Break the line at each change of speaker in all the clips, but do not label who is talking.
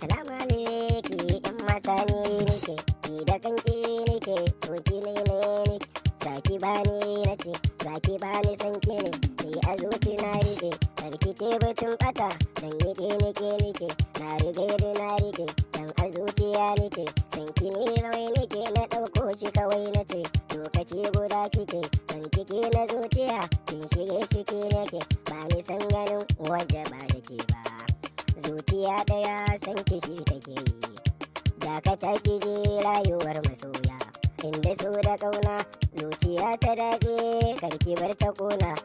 salamu alaiki yan mata ne nake da kanki nake soki ne ne nake zaki ba ni nake zaki bani sanki ne ni a zuci na rike karki ce batun bata dan nike nake nike na rige da na rike dan a zuciya nike sanki ne kawai nake. na dauko shi kawai nace lokaci guda kike san kike na zuciya kin shige kike nake ba ni san ganin waje ba nake ba zuciya daya san kishi take yi da ka rayuwar masoya inda so da ƙauna zuciya ta dage karki bar ta kona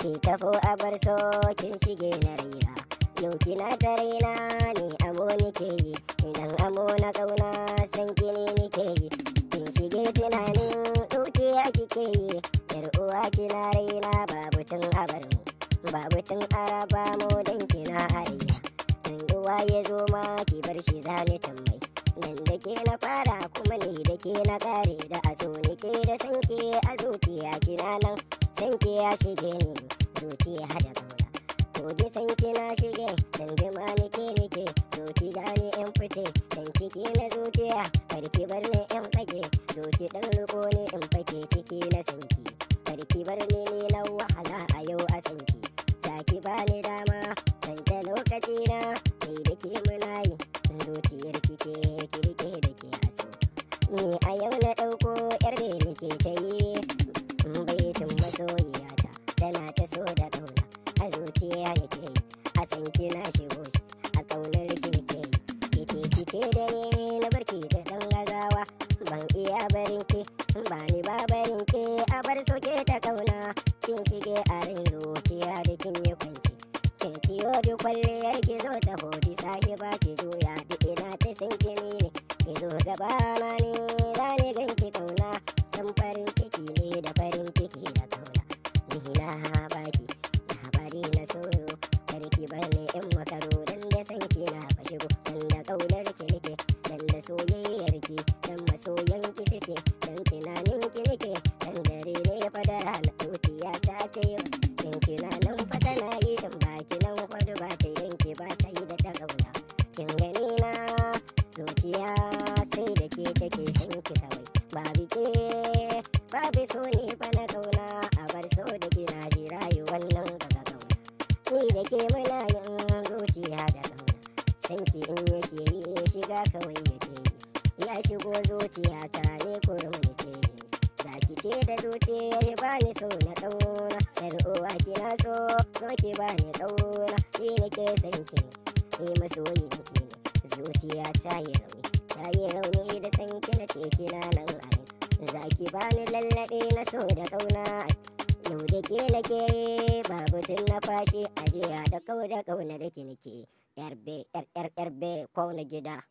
ki tafo a bar so shige na raina yau kina ta raina ni amo nike yi idan amo na ƙauna san kini nike yi kin shige tunanin zuciya kike yi yar uwa kina raina babu tun abar mu babu tun araba mu dan kina arewa Kowa ya zo ma ki bar shi zane tambai nan da ke na fara kuma ne da ke na kare da aso ne ke da sanke a zuciya kina nan sanke ya shige ni zuciya da gaura to ki sanke na shige ma ni ke rike zuci zane yan fice dan ciki na zuciya kar ki bar ni yan fage zuci dan luko ne in fage ciki na sanki kar ki bar ni cikin zuciyar kike kirke da ke aso ni a yau na ɗauko yar da nake ta yi baitin masoyiyata tana ta so da ƙauna a zuciya nake yi a san kina shigo a ƙaunar ki nake yi kice da ni na barki ta ɗan gazawa ban iya barin ki ba ni ba barin ki a bar soke ta ƙauna kin shige a rin zuciya da kin yi kwanci yo kwalliyar ki zo ta hoti sake ba ki juya duk ina ta sinki ni ne ki zo gaba na ne za ni ki kauna dan farin ciki ne da farin ciki da kauna ni na baki labari na soyo kar ki bar ni in makaro dan da san ki na fashigo dan da kaunar ki nake dan da soyayyar ki dan masoyan ki dan zuciya sai da ke take son ki kawai babu ke babu so ne fa na kauna a bar so da ke na ji rayuwar nan kaga kauna ni da ke muna yin zuciya da kauna san ki in yake yi shiga kawai yake yi ya shigo zuciya ta ne kurum ke. yi ki ce da zuciya ya bani so na kauna yar uwa kina so zo ki bani kauna ni ke san ki ni masoyin ki zuciya ta yi rauni ta yi rauni da san kina ce kina nan a za ki bani lallaɓe na so da ƙauna yau da ke lake babu tun na fashi ajiya da kau da ƙauna da kinike nake yar yar be kauna gida